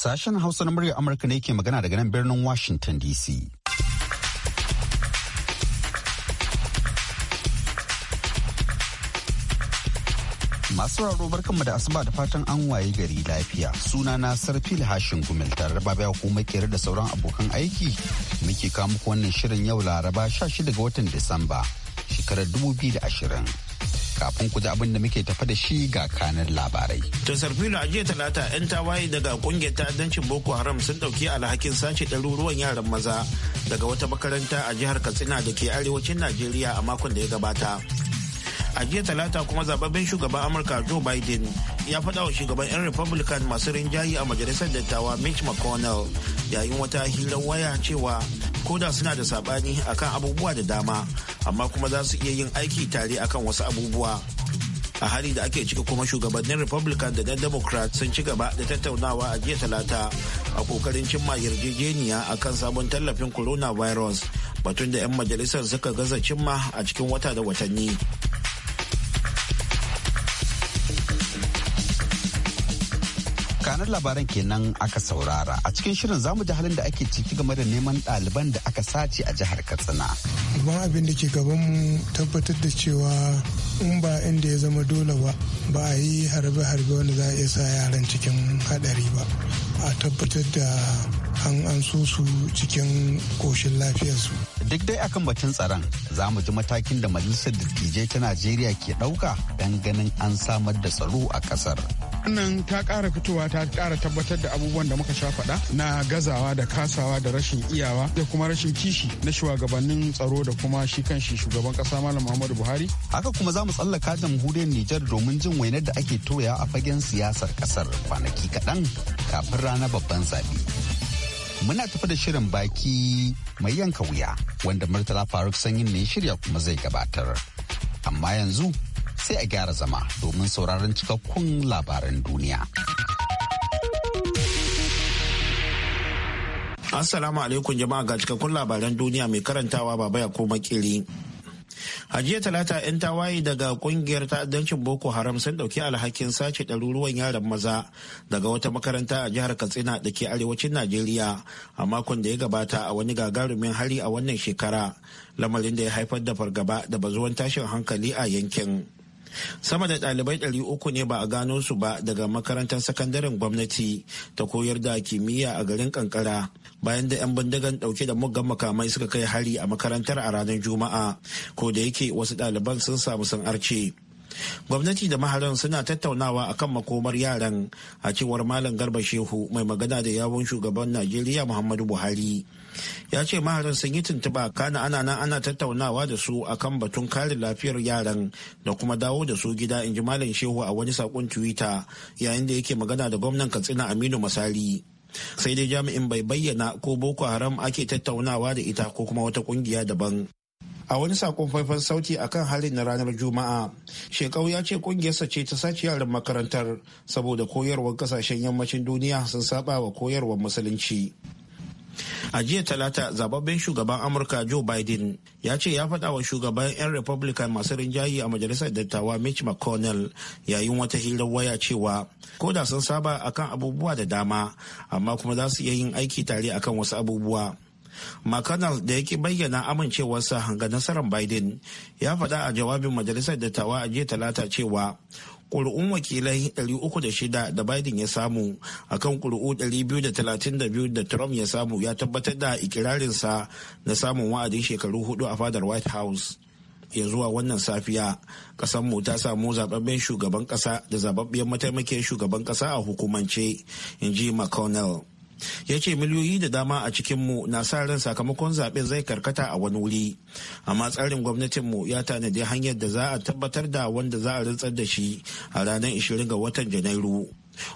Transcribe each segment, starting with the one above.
Sashen Hausa na muryar Amurka ne ke magana daga nan birnin Washington DC. Masu raro barkanmu da asuba da fatan an waye gari lafiya. Suna na Sarfil Hashin Gumel tare da babaya kuma kere da sauran abokan aiki muke kawo wannan shirin yau Laraba 16 ga watan Disamba shekarar 2020. kafin ku ji abin da muke tafa da shi ga kanar labarai. To Sarfilo a jiya talata 'yan tawaye daga kungiyar ta'addancin Boko Haram sun ɗauki alhakin sace ɗaruruwan yaran maza daga wata makaranta a jihar Katsina da ke arewacin Najeriya a makon da ya gabata. A jiya talata kuma zababben shugaban Amurka Joe Biden ya faɗa wa shugaban 'yan Republican masu rinjayi a majalisar dattawa Mitch McConnell yayin wata hirar waya cewa koda suna da saɓani akan abubuwa da dama amma kuma za su iya yin aiki tare akan wasu abubuwa a hali da ake ciki kuma shugabannin republican da na democrat sun ci gaba da tattaunawa a jiya talata a kokarin cimma yarjejeniya a kan sabon tallafin coronavirus batun da 'yan majalisar suka gaza cimma a cikin wata da watanni labaran kenan aka saurara. A cikin shirin zamu ji halin da ake ciki game da neman ɗaliban da aka sace a jihar Katsina. Ba abin da ke gaban mu tabbatar da cewa in ba inda ya zama dole ba ba a yi harbe-harbe wanda za a iya sa yaran cikin hadari ba a tabbatar da an an su cikin koshin lafiyarsu. Duk dai akan batun tsaron za mu ji matakin da Majalisar Dattijai ta Najeriya ke dauka don ganin an samar da tsaro a kasar. Wannan ta kara fitowa ta kara tabbatar da abubuwan da muka sha faɗa na gazawa da kasawa da rashin iyawa da kuma rashin kishi na shugabannin tsaro da kuma shi kanshi shugaban ƙasa Malam Muhammadu Buhari. Haka kuma za mu tsallaka jamhuriyar Nijar domin jin wainar da ake toya a fagen siyasar kasar kwanaki kaɗan kafin rana babban zaɓe. Muna tafi da shirin baki mai yanka wuya wanda Murtala Faruk Sanyin ne shirya kuma zai gabatar. Amma yanzu sai a gyara zama domin sauraron cikakkun labaran duniya. Assalamu alaikum jama'a ga cikakkun labaran duniya mai karantawa baba ya koma kiri. A jiya talata 'yan tawaye daga kungiyar ta'addancin Boko Haram sun ɗauki alhakin sace ɗaruruwan yaran maza daga wata makaranta a jihar Katsina da ke arewacin Najeriya a makon da ya gabata a wani gagarumin hari a wannan shekara, lamarin da ya haifar da fargaba da bazuwan tashin hankali a yankin. sama da ɗalibai ɗari uku ne ba a gano su ba daga makarantar sakandaren gwamnati ta koyar da kimiyya a garin kankara bayan da 'yan bindigan ɗauke da muggan makamai suka kai hari a makarantar a ranar juma'a ko da yake wasu ɗaliban sun samu sun arce gwamnati da maharan suna tattaunawa akan makomar yaran a cewar malam garba shehu mai magana da yawon shugaban najeriya muhammadu buhari ya ce maharin sun yi tuntuɓa kana ana nan ana tattaunawa da su akan batun kare lafiyar yaran da kuma dawo da su gida in ji malam shehu a wani sakon twitter yayin da yake magana da gwamnan katsina aminu masali sai dai jami'in bai bayyana ko boko haram ake tattaunawa da ita ko kuma wata kungiya daban a wani sakon faifan sauti akan halin na ranar juma'a shekau ya ce kungiyarsa ce ta sace yaran makarantar saboda koyarwar kasashen yammacin duniya sun saba wa koyarwar musulunci a jiya talata zababben shugaban amurka joe biden ya ce ya faɗa wa shugaban 'yan republican masu rinjayi a majalisar dattawa mitch mcconnell yayin wata hirar waya cewa ko da sun saba akan abubuwa da dama amma kuma za su iya yin aiki tare akan wasu abubuwa mcconnell da yake bayyana amincewarsa ga nasarar biden ya faɗa a jawabin majalisar dattawa a jiya talata cewa ƙuri'un wakilai 306 da Biden ya samu a kan ƙuri'u 232 da Trump ya samu ya tabbatar da ikirarinsa na samun wa'adin shekaru hudu a fadar White House. ya zuwa wannan safiya mu ta samu zababben shugaban kasa da zababben mataimakin shugaban kasa a hukumance in ji mcconnell ya ce miliyoyi da dama a cikinmu na sa ran sakamakon zaɓen zai karkata a wani wuri amma tsarin gwamnatinmu ya tanadi hanyar da za a tabbatar da wanda za a rantsar da shi a ranar 20 ga watan janairu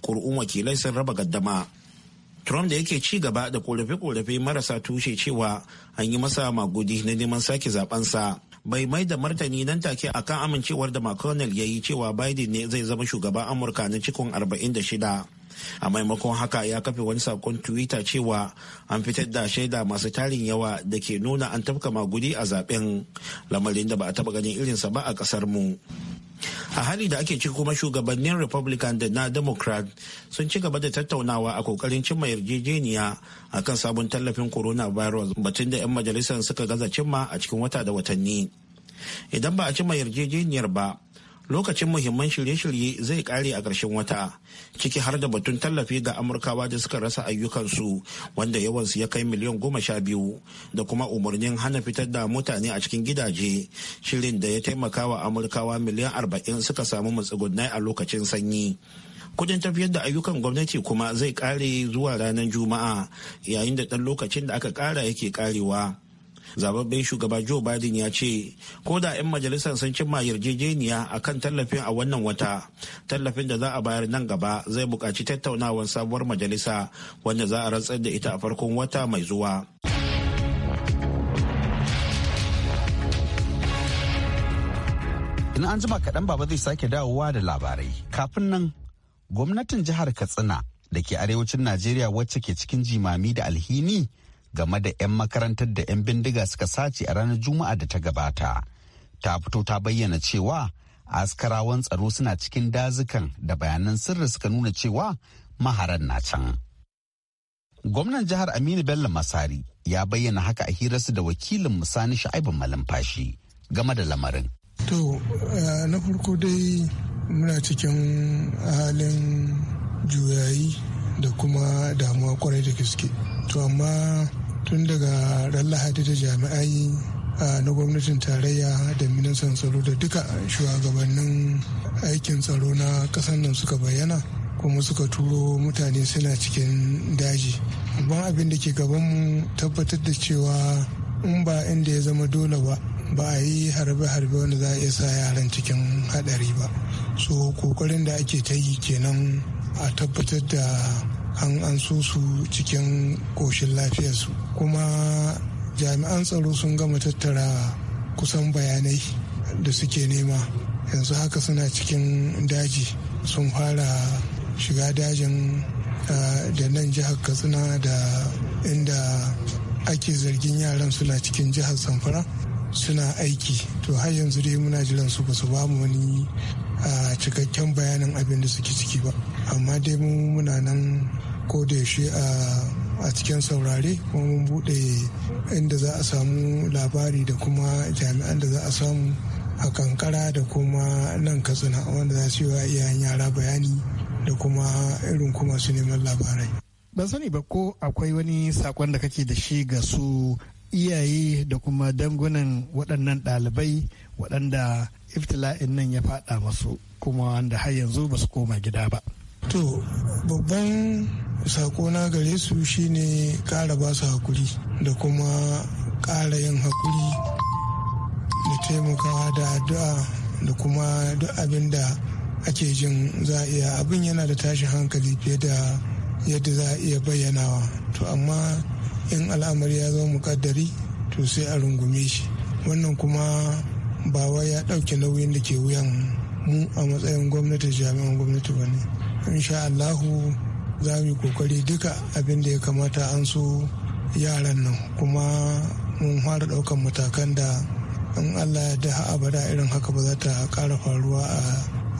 ƙuri'un wakilai sun raba gaddama trump da yake ci gaba da korafe-korafe marasa tushe cewa an yi masa magudi na neman sake zabensa bai mai da martani nan take a kan amincewar da mcconnell ya yi cewa biden ne zai zama shugaban amurka na cikin 46 a maimakon haka ya kafe wani sakon twitter cewa an fitar da shaida masu tarin yawa da ke nuna an tafka magudi a zaben lamarin da ba a taba ganin irinsa ba a kasar mu a hali da ake ci kuma shugabannin republican da na democrat sun ci gaba da tattaunawa a kokarin cimma yarjejeniya akan sabon tallafin coronavirus batun da 'yan majalisar suka gaza cimma a cikin wata da watanni idan ba a cimma yarjejeniyar ba lokacin muhimman shirye-shirye zai kare a ƙarshen wata ciki har da batun tallafi ga amurkawa da suka rasa ayyukansu wanda yawansu ya kai miliyan goma sha biyu da kuma umarnin hana fitar da mutane a cikin gidaje shirin da ya taimaka wa amurkawa miliyan arba'in suka samu matsugunai a lokacin sanyi kudin tafiyar da ayyukan gwamnati kuma zai kare zuwa ranar juma'a yayin da ɗan lokacin da aka ƙara yake karewa zababben shugaba joe biden ya ce ko da 'yan majalisar sun cimma yarjejeniya a kan tallafin a wannan wata tallafin da za a bayar nan gaba zai bukaci tattaunawar sabuwar majalisa wanda za a rantsar da ita a farkon wata mai zuwa in an jima kaɗan baba zai sake dawowa da labarai kafin nan gwamnatin jihar katsina da ke arewacin najeriya wacce ke cikin jimami da alhini game da 'yan makarantar da 'yan bindiga suka sace a ranar juma'a da ta gabata ta fito ta bayyana cewa askarawan tsaro suna cikin dazukan da bayanan sirri suka nuna cewa maharan na can gwamnan jihar aminu bello masari ya bayyana haka a hirarsu da wakilin musani sha'ibu malumfashi game da lamarin to eh, na farko dai muna cikin halin juyayi da kuma damuwa kwarai da gaske to amma tun daga ran lahadi da jami'ai na gwamnatin tarayya da ministan tsaro da duka shugabannin aikin tsaro na kasan nan suka bayyana kuma suka turo mutane suna cikin daji babban abin da ke gabanmu tabbatar da cewa in ba inda ya zama dole ba ba a yi harbe-harbe wanda za a iya sa yaran cikin hadari ba so kokarin da ake ta yi kenan a tabbatar da an so su cikin ƙoshin lafiyarsu kuma jami'an tsaro sun gama tattara kusan bayanai da suke nema yanzu haka suna cikin daji sun fara shiga dajin da nan jihar katsina da inda ake zargin yaran suna cikin jihar samfara suna aiki to har yanzu dai muna jiran su ba su bamu wani a cikakken bayanin abin da suke ciki ba amma dai mu muna nan ko da yaushe a cikin saurare kuma mun bude inda za a samu labari da kuma jami'an da za a samu a kankara da kuma nan katsina wanda za su yi wa iyayen yara bayani da kuma irin kuma su neman labarai ban sani ba ko akwai wani sakon da kake da shi ga su iyaye da kuma dangunan waɗannan ɗalibai waɗanda iftila'in nan ya faɗa masu kuma wanda har yanzu ba su koma gida ba. To babban sako na gare su shine ƙara ba su hakuri da kuma ƙara yin hakuri da taimakawa da addu'a da kuma duk abin da ake jin za a iya abin yana da tashi hankali fiye da yadda za a iya bayyanawa to amma in al'amari ya zo mukaddari to sai a rungume shi wannan kuma ba wai ya ɗauki nauyin da ke wuyan mu a matsayin gwamnati jami'an gwamnati ba ne insha allahu za mu yi kokari duka abin da ya kamata an so yaran nan kuma mun fara ɗaukan matakan da in allah ya da abada irin haka ba za ta ƙara faruwa a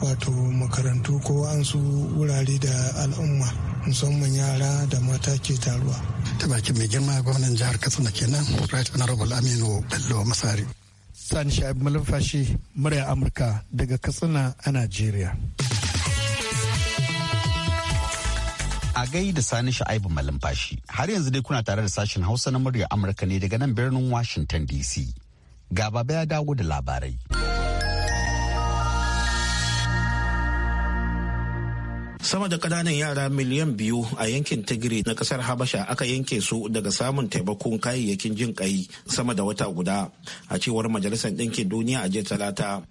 wato makarantu ko an su wurare da al'umma musamman yara da mata ke taruwa ta baki mai girma gwamnan jihar katsina kenan right honorable aminu bello masari Sani Sha'ib Malumfashi murya Amurka daga Katsina a Najeriya. A gai da Sani Sha'ib Malumfashi har yanzu dai kuna tare da sashen Hausa na murya Amurka ne daga nan birnin Washington DC. Gaba baya dawo da labarai. sama da ƙananan yara miliyan biyu a yankin tigiri na ƙasar habasha aka yanke su daga samun taimakon kayayyakin jin kai sama da wata guda a cewar majalisar ɗinkin duniya a jiya talata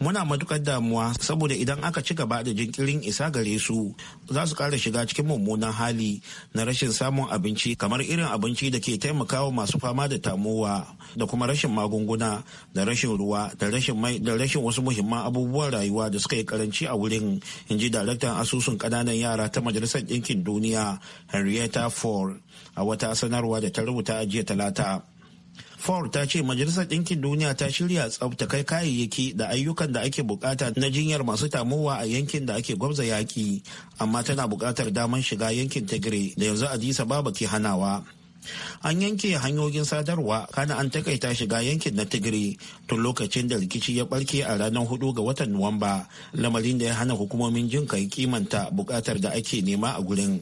muna matukar damuwa saboda idan aka ci gaba da jinkirin isa gare su za su kara shiga cikin mummunan hali na rashin samun abinci kamar irin abinci da ke taimakawa masu fama da tamowa da kuma rashin magunguna da rashin ruwa da rashin mai da rashin wasu muhimman abubuwan rayuwa da suka yi karanci a wurin in ji daraktan asusun kananan yara ta majalisar ɗinkin duniya henrietta ford a wata sanarwa da ta rubuta a jiya talata Ford ta ce Majalisar Ɗinkin Duniya ta shirya tsabta kai kayayyaki da ayyukan da ake bukata na jinyar masu tamowa a yankin da ake gwabza yaƙi, amma tana buƙatar damar shiga yankin Tigray da yanzu Adisa babu ke hanawa. An yanke hanyoyin sadarwa kana an takaita shiga yankin na Tigray tun lokacin da rikici ya barke a ranar hudu ga watan Nuwamba, lamarin da ya hana hukumomin jin kai kimanta bukatar da ake nema a gurin.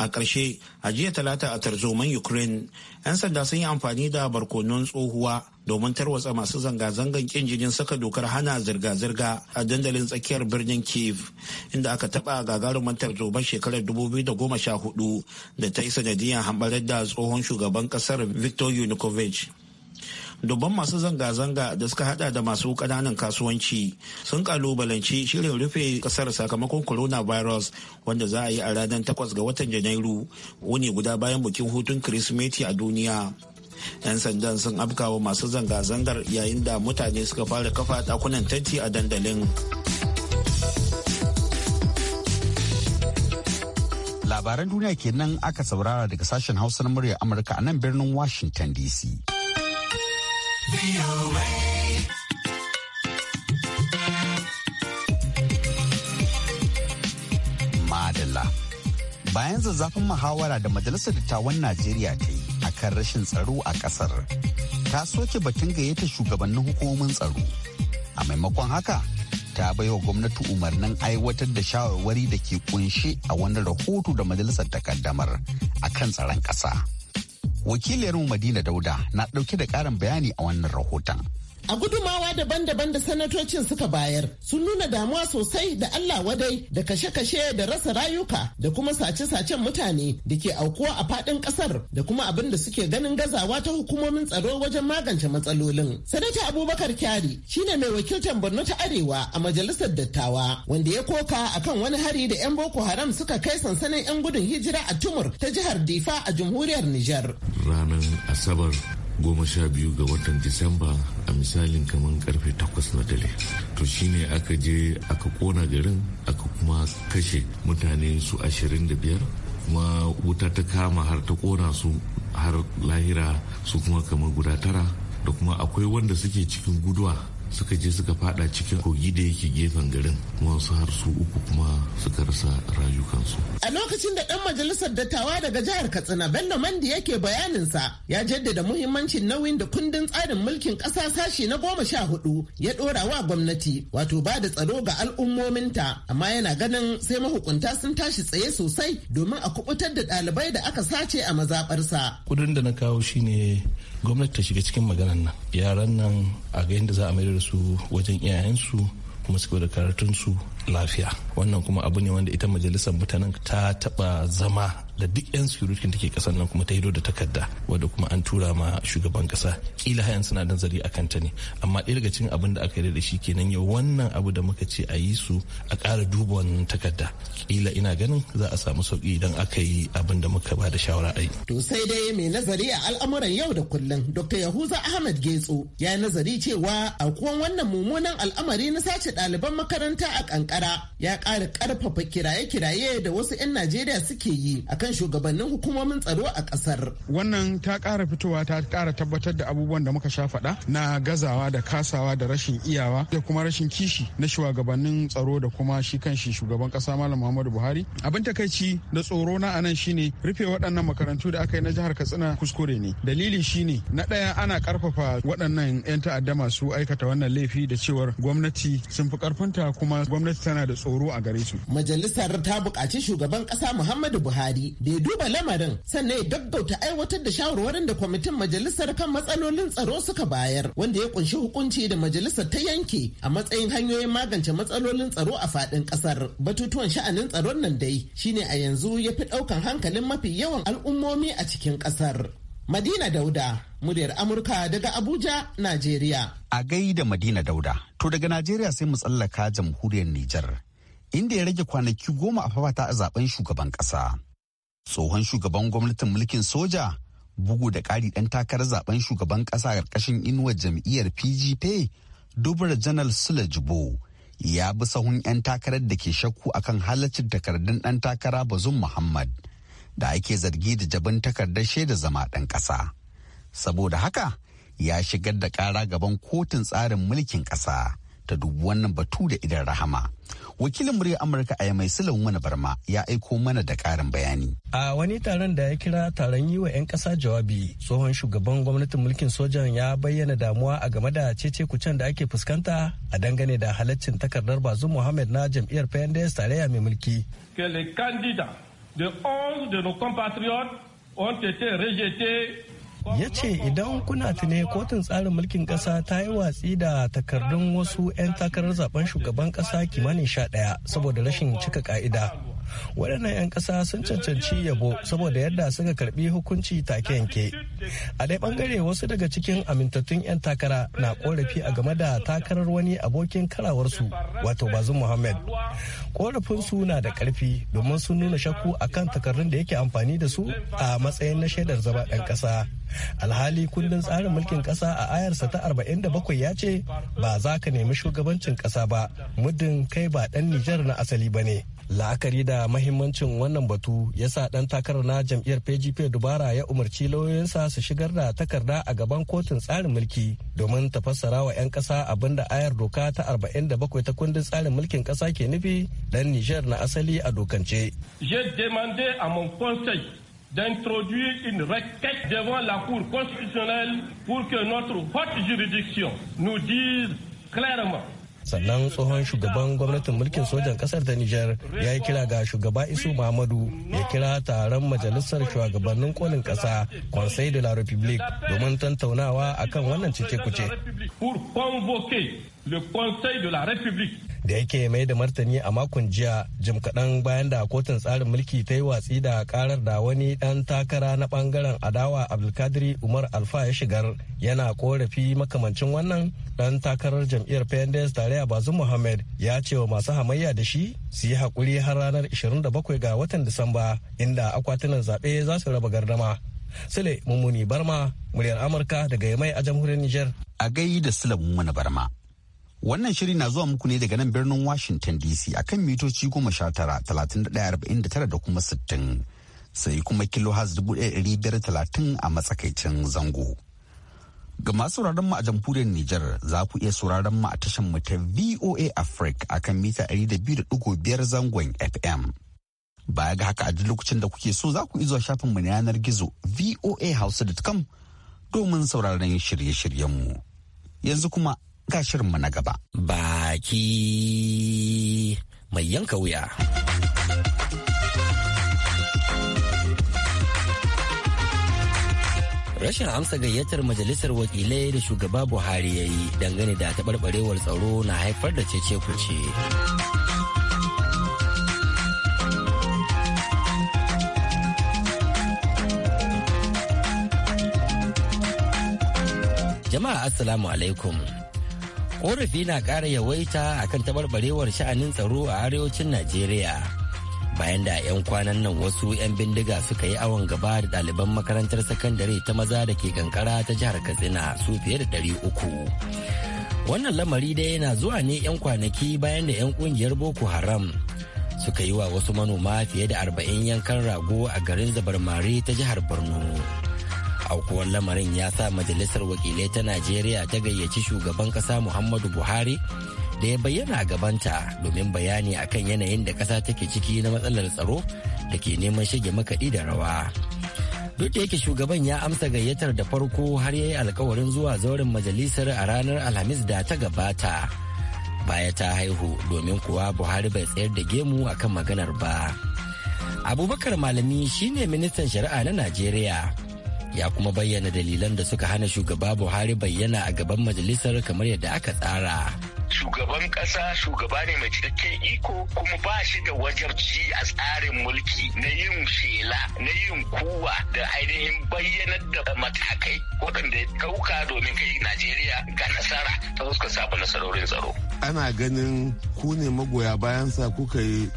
a ƙarshe a jiya talata a tarzoman ukraine 'yan sanda sun yi amfani da barkonon tsohuwa domin tarwatsa masu zanga-zangan kin jinin saka dokar hana zirga-zirga a dandalin tsakiyar birnin kiev inda aka taɓa gagarumar tarzoman shekarar 2014 da ta yi sanadiyar hambarar da tsohon shugaban ƙasar victor yanukovych dubban masu zanga-zanga da suka hada da masu kananan kasuwanci sun kalubalanci shirin rufe kasar sakamakon coronavirus wanda za a yi a ranar 8 ga watan janairu wuni guda bayan bukin hutun kirismeti a duniya 'yan sandan sun afkawa masu zanga-zangar yayin da mutane suka fara kafa dakunan tanti a dandalin labaran duniya kenan aka saurara daga sashen hausa na murya amurka a nan birnin washington dc Madala Bayan zazzafin muhawara da Majalisar Dattawan Najeriya ta yi a kan rashin tsaro a ƙasar, ta soke batun gayyata shugabannin hukumomin tsaro. A maimakon haka, ta baiwa gwamnati umarnin aiwatar da shawarwari da ke kunshe a wani rahoto da majalisar takaddamar a kan tsaron ƙasa. wakilin madina dauda na ɗauke da karin bayani a wannan rahoton A gudumawa daban-daban da sanatocin suka bayar sun nuna damuwa sosai da Allah wadai da kashe-kashe da rasa rayuka da kuma sace-sacen mutane da ke aukuwa a faɗin ƙasar da kuma abin da suke ganin gazawa ta hukumomin tsaro wajen magance matsalolin. Sanata Abubakar Kyari shine mai wakiltar Borno ta Arewa a majalisar dattawa wanda ya koka akan wani hari da 'yan Boko Haram suka kai sansanin 'yan gudun hijira a Tumur ta jihar Difa a jamhuriyar Nijar. Ranar Asabar goma sha biyu ga watan disamba a misalin kamar karfe takwas na dare to shine aka je aka kona garin aka kuma kashe mutane su ashirin da biyar kuma wuta ta kama har ta kona su har lahira su kuma kamar guda tara da kuma akwai wanda suke cikin guduwa suka je suka fada cikin kogi da yake gefen garin wasu har su uku kuma suka rasa rayukansu. A lokacin da ɗan majalisar dattawa daga jihar Katsina Bello Mandi yake bayaninsa ya jaddada muhimmancin nauyin da kundin tsarin mulkin ƙasa sashi na goma sha hudu ya ɗora wa gwamnati wato ba da tsaro ga al'ummominta amma yana ganin sai mahukunta sun tashi tsaye sosai domin a kubutar da ɗalibai da aka sace a mazaɓarsa. Kudin da na kawo shine gwamnati ta shiga cikin maganan nan yaran nan a ga yadda za a mayar da su wajen iyayensu kuma su da karatunsu lafiya wannan kuma abu ne wanda ita majalisar mutanen ta taba zama da duk 'yan security ke kasar nan kuma ta hido da takarda wadda kuma an tura ma shugaban kasa kila hayan suna nazari akan ta ne amma ɗaya daga cikin abin da aka yi da shi kenan yau wannan abu da muka ce a yi su a ƙara duba wannan takarda kila ina ganin za a samu sauki idan aka yi abin da muka ba da shawara a yi. to sai dai mai nazari a al'amuran yau da kullum dr yahuza ahmed getso ya nazari cewa aukuwan wannan mummunan al'amari na sace ɗaliban makaranta a kankara ya ƙara ƙarfafa kiraye-kiraye da wasu 'yan Najeriya suke yi a kan shugabannin hukumomin tsaro a ƙasar. Wannan ta ƙara fitowa ta kara tabbatar da abubuwan da muka sha faɗa na gazawa da kasawa da rashin iyawa da kuma rashin kishi na shugabannin tsaro da kuma shi kan shi shugaban ƙasa Malam Muhammadu Buhari. Abin takaici da tsoro na anan shine rufe waɗannan makarantu da aka yi na jihar Katsina kuskure ne. Dalili shine na ɗaya ana karfafa waɗannan 'yan ta'adda masu aikata wannan laifi da cewar gwamnati sun fi ƙarfinta kuma gwamnati tana da tsoro a gare su. Majalisar ta buƙaci shugaban ƙasa Muhammadu Buhari da ya duba lamarin sannan ya gaggauta aiwatar da shawarwarin da kwamitin majalisar kan matsalolin tsaro suka bayar wanda ya kunshi hukunci da majalisar ta yanke a matsayin hanyoyin magance matsalolin tsaro a faɗin ƙasar. Batutuwan sha'anin tsaron nan dai shine a yanzu ya fi ɗaukan hankalin mafi yawan al'ummomi a cikin ƙasar. Madina Dauda, muryar Amurka daga Abuja, Najeriya. A gaida Madina Dauda, to daga Najeriya sai mu tsallaka jamhuriyar Nijar, inda ya rage kwanaki goma a fafata a zaben shugaban ƙasa. Tsohon shugaban gwamnatin mulkin soja, bugu da ƙari ɗan takarar zaben shugaban ƙasa ƙarƙashin inuwar jam'iyyar PGP, Dubra Janar Sule Jibo, ya bi sahun 'yan takarar da ke shakku akan halaccin takardun ɗan takara Bazum Muhammad. da ake zargi da jabin takardar shaida zama ɗan ƙasa. Saboda haka ya shigar da ƙara gaban kotun tsarin mulkin ƙasa ta dubu wannan batu da idan rahama. wakilin murya amurka a mai silin mana barma ya aiko mana da ƙarin bayani a wani taron da ya kira taron yi wa 'yan ƙasa jawabi tsohon shugaban gwamnatin mulkin sojan ya bayyana damuwa a game da cece kucen da ake fuskanta a dangane da halaccin takardar bazu muhammad na jam'iyyar pnds tarayya mai mulki que de 11 de nos compatriotes ont été rejetés ya ce idan kuna tune kotun tsarin mulkin kasa ta yi watsi da takardun wasu 'yan takarar zaben shugaban kasa kimanin sha ɗaya saboda rashin cika ka'ida waɗannan 'yan ƙasa sun cancanci yabo saboda yadda suka karɓi hukunci take yanke a dai ɓangare wasu daga cikin amintattun 'yan takara na korafi a game da takarar wani abokin karawarsu wato bazin muhammad su na da ƙarfi domin sun nuna shakku akan takardun da yake amfani da su a matsayin na shaidar zama ɗan ƙasa alhali kundin tsarin mulkin ƙasa a ayarsa ta arba'in da bakwai ya ce ba za ka nemi shugabancin ƙasa ba muddin kai ba ɗan nijar na asali ba ne la'akari da mahimmancin wannan batu ya sa ɗan takarar na jam'iyyar pgp dubara ya umarci lauyoyinsa su shigar da takarda a gaban kotun tsarin mulki domin tafassara wa 'yan ƙasa abin da ayar doka ta 47 ta kundin tsarin mulkin ƙasa ke nufi dan niger na asali a dokance. demande à mon conseil d'introduire une requête devant la Cour constitutionnelle pour que notre haute juridiction nous dise clairement sannan tsohon shugaban gwamnatin mulkin sojan kasar ta nijar ya yi kira ga shugaba isu muhammadu ya kira taron majalisar shugabannin kolin kasa conseil de la republique domin tantaunawa akan wannan cece kuce le conseil de la république da yake mai da martani a makon jiya jim kaɗan bayan da kotun tsarin mulki ta yi watsi da karar da wani ɗan takara na ɓangaren adawa abdulkadiri umar alfa ya shigar yana korafi makamancin wannan ɗan takarar jam'iyyar pendes tare a muhammed muhammad ya ce wa masu hamayya da shi su yi hakuri har ranar 27 ga watan disamba inda akwatunan zaɓe za su raba gardama sule mummuni barma muryar amurka daga yamai a jamhuriyar niger a gai da sule mummuni barma Wannan shiri na zuwa muku ne daga nan birnin Washington DC a kan mitoci goma sha tara talatin da arba'in da tara da kuma sittin sai kuma kilo dubu ɗaya ɗari biyar talatin a matsakaicin zango. Ga masu sauraron mu a jamhuriyar Nijar za ku iya sauraron mu a tashar mu ta VOA Africa a kan mita ɗari biyu da ɗigo biyar zangon FM. Baya ga haka a duk lokacin da kuke so za ku iya zuwa shafin mu na yanar gizo hausa.com domin sauraron shirye shiryenmu Yanzu kuma gashirinmu na gaba. Baki mai yanka wuya. rashin amsa gayyatar majalisar wakilai da shugaba buhari ya yi dangane da taɓarɓarewar tsaro na haifar da cece kuce jama'a assalamu alaikum korafi na ƙara yawaita a kan tabarbarewar sha'anin tsaro a arewacin najeriya bayan da 'yan kwanan nan wasu 'yan bindiga suka yi awon gaba da ɗaliban makarantar sakandare ta maza da ke kankara ta jihar katsina su fiye da ɗari uku. wannan lamari dai yana zuwa ne 'yan kwanaki bayan da 'yan kungiyar boko haram suka yi wa wasu manoma fiye da arba'in yankan rago a garin zabarmare ta jihar borno aukuwar lamarin ya sa majalisar wakilai ta najeriya ta gayyaci shugaban kasa muhammadu buhari da ya bayyana a gabanta domin bayani akan yanayin da kasa take ciki na matsalar tsaro da ke neman shige makaɗi da rawa duk da yake shugaban ya amsa gayyatar da farko har ya yi alkawarin zuwa zauren majalisar a ranar alhamis da ta gabata baya ta haihu domin kuwa buhari bai tsayar da gemu akan maganar ba abubakar malami shine ministan shari'a na najeriya ya kuma bayyana dalilan da suka hana shugaba buhari bayyana a gaban majalisar kamar yadda aka tsara shugaban kasa shugaba ne mai cikakken iko kuma ba shi da wajabci a tsarin mulki na yin shela na yin kuwa da ainihin bayyanar da matakai waɗanda ya ɗauka domin kai Najeriya ga nasara ta fuskar sabon nasarorin tsaro. Ana ganin ku ne magoya bayansa kuka yi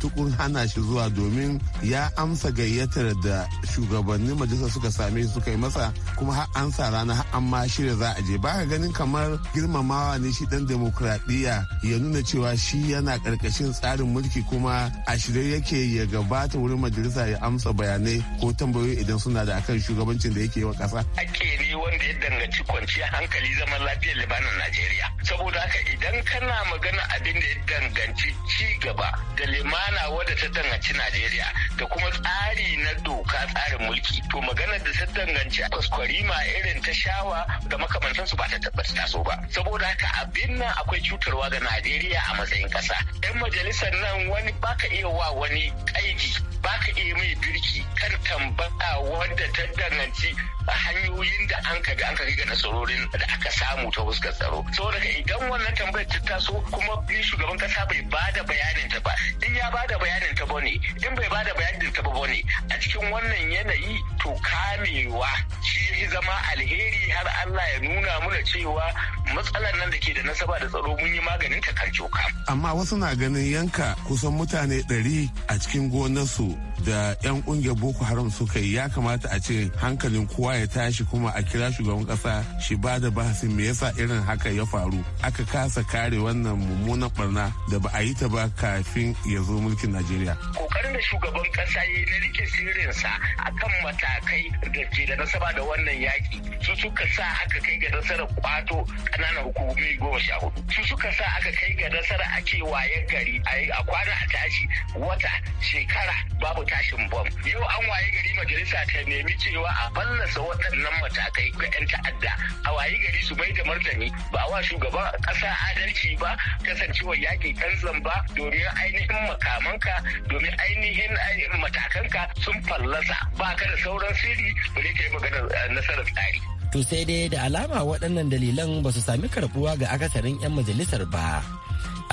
tukun hana shi zuwa domin ya amsa gayyatar da shugabannin majalisa suka same shi suka yi masa kuma har an sa rana har an ma shirya za a je ba ka ganin kamar girmamawa ne shi dan demokrasi demokradiyya ya nuna cewa shi yana karkashin tsarin mulki kuma a shirye yake ya gabata wurin majalisa ya amsa bayanai ko tambayoyi idan suna da akan shugabancin da yake wa kasa. Ake ne wanda ya danganci kwanciyar hankali zaman lafiyar libanin Najeriya. Saboda haka idan kana magana abin da ya danganci ci gaba da limana wadda ta danganci Najeriya da kuma tsari na doka tsarin mulki to magana da ta danganci kwaskwarima irin ta shawa da makamantansu ba ta tabbata taso ba. Saboda haka abin nan akwai cutarwa ga najeriya a matsayin kasa yan majalisar nan wani baka iya wa wani kaidi baka iya mai birki kan tambaya wadda ta danganci a hanyoyin da an ga an ga nasarorin da aka samu ta fuskar tsaro saboda idan wannan tambayar ta taso kuma shugaban kasa bai ba da bayanin ta ba in ya ba da bayanin ta bane in bai ba da bayanin ta ba bane a cikin wannan yanayi to kamewa shi zama alheri har Allah ya nuna mana cewa matsalar nan da ke da nasaba da tsaro mun yi maganin ta kan Amma wasu na ganin yanka kusan mutane ɗari a cikin gonarsu da 'yan kungiyar boko haram suka yi ya kamata a ce hankalin kowa ya tashi kuma a kira shugaban kasa shi ba da bahasin me yasa irin haka ya faru aka kasa kare wannan mummunan barna da ba a yi ta ba kafin ya zo mulkin najeriya kokarin da shugaban kasa ya yi na rike sirrinsa kan matakai da ke da nasaba da wannan yaki su suka sa aka kai ga nasarar kwato kananan hukumomi goma sha hudu su suka sa aka kai ga nasarar a wayan gari a kwana a tashi wata shekara babu tashin bom yau an waye gari majalisa ta nemi cewa a fallasa waɗannan matakai ga 'yan ta'adda a waye gari su bai da martani ba wa shugaban ƙasa adalci ba kasancewar yaƙi kan zamba domin ainihin makamanka domin ainihin eh, matakanka sun fallasa ba ka da sauran sirri bare ka yi magana eh, nasarar tsari to sai dai da alama waɗannan dalilan ba su sami karɓuwa ga akasarin 'yan majalisar ba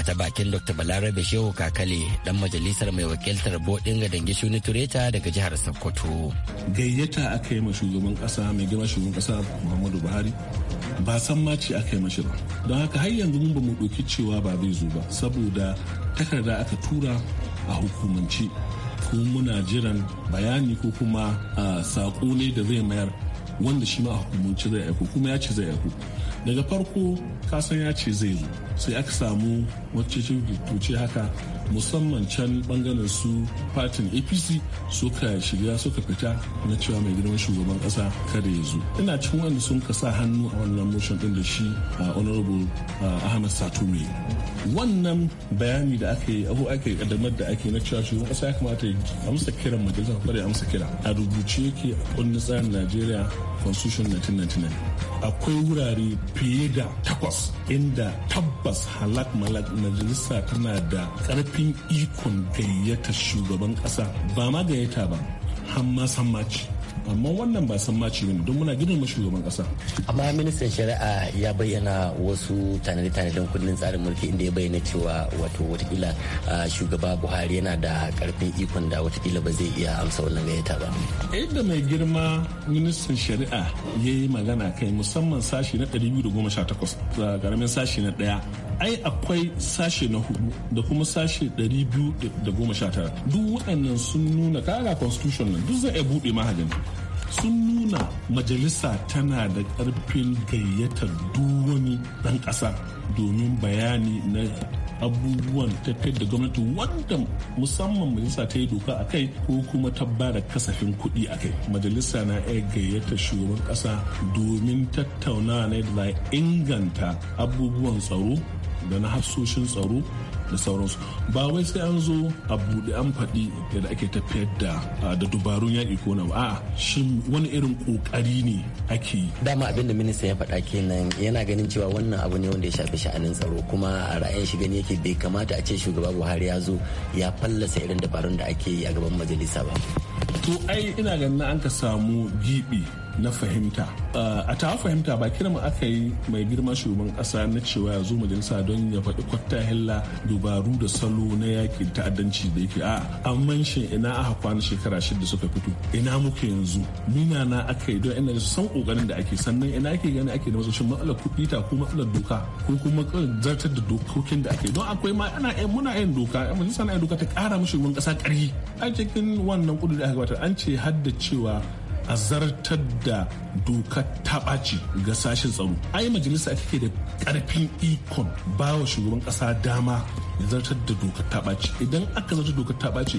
a ta bakin dr balarabe shehu kakale dan majalisar mai wakiltar bodin ga dangi shuni tureta daga jihar sokoto gayyata aka yi ma shugaban kasa mai girma shugaban kasa muhammadu buhari ba san ma ce aka yi mashi ba don haka har yanzu mun ba mu ɗauki cewa ba zai zo ba saboda takarda aka tura a hukumance ko muna jiran bayani ko kuma ah, saƙo ne da zai mayar wanda shi ma a hukumance zai aiko kuma ya ce zai aiko daga farko kasan ya ce zai zo sai aka samu wacce haka musamman can bangaren su fatin apc suka shiga suka fita na cewa mai girman shugaban kasa kada ya zo ina cikin wanda sun sa hannu a wannan motion din da shi a honorable ahmed mai wannan bayani da aka yi abu aka yi kadamar da ake na cewa shugaban kasa ya kamata ya amsa kiran majalisar kwarai amsa kira a rubuce yake a kundin tsarin najeriya constitution 1999 akwai wurare fiye da takwas inda tabbas halak malak majalisa tana da karfin ikon gayyata shugaban kasa ba ma gayyata ba hamma sammaci amma wannan ba san maci ne don muna girmama shugaban kasa amma ministan shari'a ya bayyana wasu tanade-tanaden kundin tsarin mulki inda ya bayyana cewa wato watakila shugaba buhari yana da karfin ikon da watakila ba zai iya amsa wannan gayyata ba yadda mai girma ministan shari'a ya yi magana kai musamman sashi na 218 da karamin sashi na daya ai akwai sashe na hudu da kuma sashe 219 duk waɗannan sun nuna kaga constitution nan duk zai iya buɗe mahajin sun nuna majalisa tana da ƙarfin gayyatar duk wani ɗan ƙasa domin bayani na abubuwan tafiyar da gwamnati wanda musamman majalisa ta yi doka a kai ko kuma ta ba da kasafin kuɗi a kai majalisa na iya gayyata shugaban ƙasa domin tattaunawa na a inganta abubuwan tsaro da na hafsoshin tsaro da sauransu ba wai sai an zo a buɗe an faɗi da ake tafiyar da da dubarun yaƙi ko na ba shin wani irin ƙoƙari ne ake yi dama abin da minista ya faɗa kenan yana ganin cewa wannan abu ne wanda ya shafi sha'anin tsaro kuma a ra'ayin shi gani yake bai kamata a ce shugaba buhari ya zo ya fallasa irin dabarun da ake yi a gaban majalisa ba to ai ina ganin an ka samu gibi na fahimta ah, a ta fahimta ba kiran aka yi mai girma shugaban kasa na cewa ya zo majalisa don ya faɗi kwata hilla dubaru da salo na yakin ta'addanci da yake a amman shi ina aka kwana shekara shida suka fito ina muke yanzu nuna na aka yi don ina san kokarin da ake sannan ina ake gani ake da wasu shin matsalar kuɗi ta ko matsalar doka ko kuma zartar da dokokin da ake don akwai ma ana muna yin doka majalisa na yin doka ta kara mu shugaban kasa ƙarfi a cikin wannan kudu da aka gabatar an ce haddacewa. cewa a zartar da dokar taɓaci ga sashen tsaro ai majalisa take da ƙarfin ikon ba wa shugaban ƙasa dama ya zartar da dokar taɓaci idan aka zartar dokar taɓaci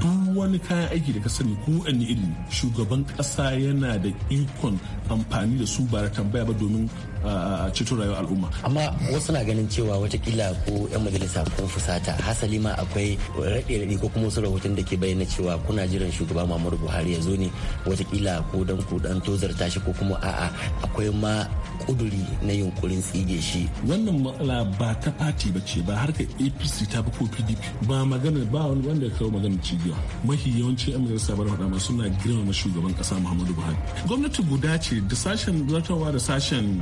duk wani kayan aiki da ka sani ko wani ilimi shugaban ƙasa yana da ikon amfani da su ba da tambaya ba domin ceto rayuwar al'umma amma wasu na ganin cewa watakila ko yan majalisa kun fusata hasali ma akwai raɗe-raɗe ko kuma wasu rahoton da ke bayyana cewa kuna jiran shugaba muhammadu buhari ya zo ne watakila ko dan ku dan tozarta shi ko kuma a'a akwai ma kuduri na yunkurin tsige shi wannan matsala ba ta fati ba ce ba har ka apc ta fi ko pdp ba magana ba wani wanda ya kawo magana cigiya mafi yawanci yan majalisa bar faɗa masu na girmama shugaban ƙasa muhammadu buhari gwamnati guda ce da sashen zartarwa da sashen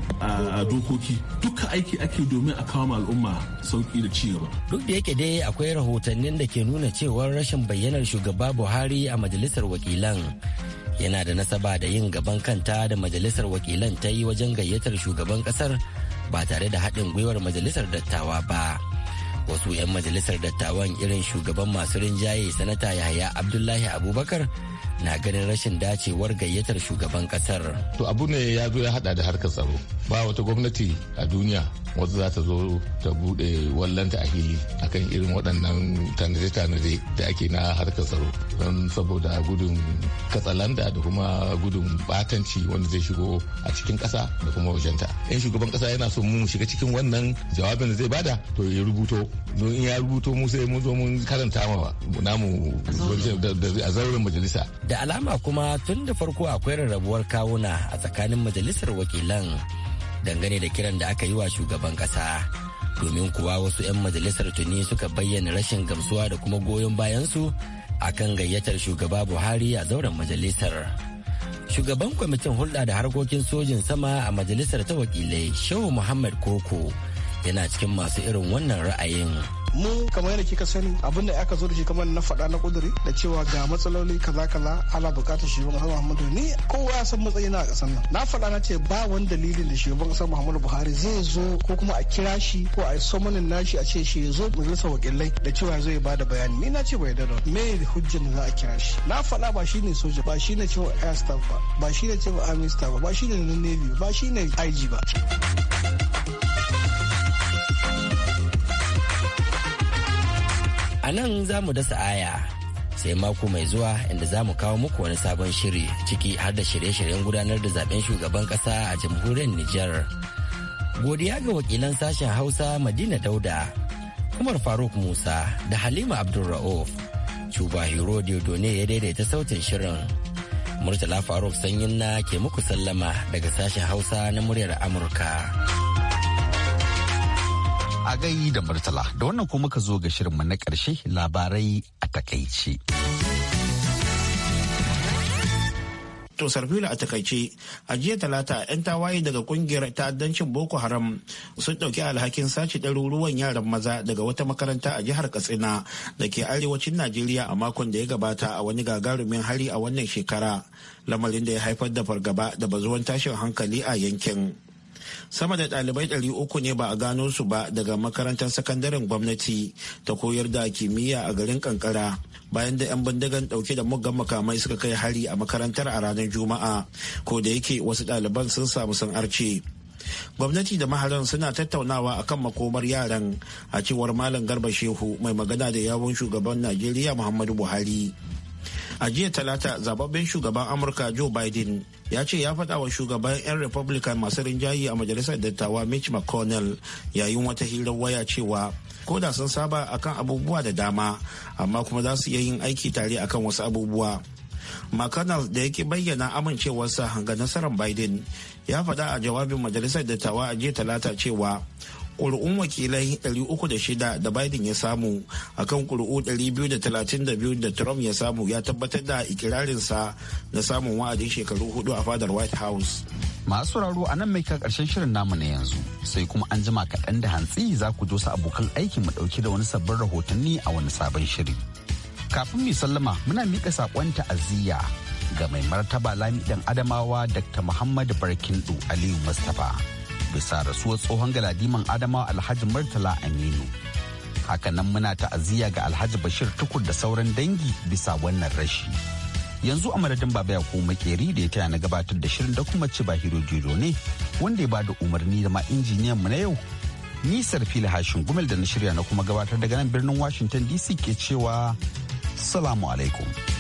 dokoki duka aiki ake domin a kawo al'umma sauki da ci gaba duk da yake dai akwai rahotannin da ke nuna cewar rashin bayyanar shugaba buhari a majalisar wakilan yana da nasaba da yin gaban kanta da majalisar wakilan ta yi wajen gayyatar shugaban kasar ba tare da haɗin gwiwar majalisar dattawa ba wasu 'yan majalisar dattawan irin shugaban masu rinjaye sanata yahaya abdullahi abubakar na ganin rashin dacewar gayyatar shugaban kasar. To abu ne ya zo ya hada da harkar tsaro. Ba wata gwamnati a duniya wata za ta zo ta bude wallanta a fili akan irin waɗannan tanaje-tanaje da ake na harkar tsaro don saboda gudun katsalanda da kuma gudun batanci wanda zai shigo a cikin ƙasa da kuma wajenta in shugaban ƙasa yana so mu shiga cikin wannan jawabin da zai bada to ya rubuto don in ya rubuto mu sai mun zo mun karanta ma namu a zauren majalisa da alama kuma tun da farko akwai rarrabuwar kawuna a tsakanin majalisar wakilan dangane da kiran da aka yi wa shugaban kasa domin kuwa wasu 'yan majalisar tuni suka bayyana rashin gamsuwa da kuma goyon bayansu a kan gayyatar shugaba buhari a zauren majalisar shugaban kwamitin hulɗa da harkokin sojin sama a majalisar ta wakilai shehu muhammad koko yana cikin masu irin wannan ra'ayin mu kamar yadda kika sani abin da aka zo da shi kamar na faɗa na kuduri da cewa ga matsaloli kaza kaza ala buƙatar shugaban ƙasar Muhammadu ni kowa ya san matsayi na a ƙasar nan na faɗa na ce ba wani dalilin da shugaban ƙasar Muhammadu Buhari zai zo ko kuma a kira shi ko a samanin somanin nashi a ce shi ya zo majalisar wakilai da cewa zai ba da bayani ni na ce bai da me hujjan da za a kira shi na faɗa ba shine soja ba shine cewa air staff ba ba shine cewa army staff ba ba shine navy ba shine IG ba. A nan za mu dasa aya sai mako mai zuwa inda za mu kawo muku wani sabon shiri ciki har da shirye-shiryen gudanar da zaben shugaban kasa a jamhuriyar Nijar. Godiya ga wakilan sashen Hausa Madina Dauda, Umar Faruk Musa da Halima Abdulra'uf. Cuba Hero done ya daidaita sautin shirin. Murtala Faruk Sanyin na ke muku sallama daga sashen Hausa na muryar Amurka. a gai da murtala da wannan kuma ka zo ga shirinmu na ƙarshe labarai a takaice. To Sarfila a takaice, a jiya talata 'yan tawaye daga kungiyar ta'addancin Boko Haram sun ɗauki alhakin sace ɗaruruwan yaran maza daga wata makaranta a jihar Katsina da ke arewacin Najeriya a makon da ya gabata a wani gagarumin hari a wannan shekara, lamarin da ya haifar da fargaba da bazuwan tashin hankali a yankin. sama da ɗalibai ɗari uku ne ba a gano su ba daga makarantar sakandaren gwamnati ta koyar da kimiyya a garin kankara bayan da 'yan bindigan ɗauke da muggan makamai suka kai hari a makarantar a ranar juma'a ko da yake wasu ɗaliban sun samu sun arce gwamnati da maharan suna tattaunawa akan makomar yaran a cewar malam garba shehu mai magana da yawon shugaban najeriya muhammadu buhari a jiya talata zababben shugaban amurka joe biden ya ce ya faɗa wa shugaban 'yan republican masu rinjaye a majalisar dattawa mitch mcconnell yayin wata hirar waya cewa ko da sun saba akan abubuwa da dama amma kuma za su iya yin aiki tare akan wasu abubuwa mcconnell da yake bayyana amincewarsa ga nasarar biden ya faɗa a jawabin majalisar dattawa a jiya talata cewa ƙuri'un wakilai 306 da biden ya samu a kan ƙuri'u 232 da trump ya samu ya tabbatar da ikirarinsa na samun wa'adin shekaru hudu a fadar white house masu sauraro a nan mai ka karshen shirin namu na yanzu sai kuma an jima kaɗan da hantsi za ku dosa abokan aiki mu ɗauki da wani sabbin rahotanni a wani sabon shiri kafin mai sallama muna miƙa saƙon ta'aziyya ga mai martaba lamidan adamawa dr muhammad barkindu aliyu mustapha bisa rasuwar tsohon galadiman adama alhaji murtala aminu hakanan muna ta'aziyya ga alhaji bashir tukur da sauran dangi bisa wannan rashi yanzu a madadin baba ya makeri da ya taya na gabatar da shirin da kuma ci bahiro jiro ne wanda ya bada umarni da ma injiniyan mu na yau ni fili hashin gumel da na shirya na kuma gabatar daga nan birnin washington dc ke cewa salamu alaikum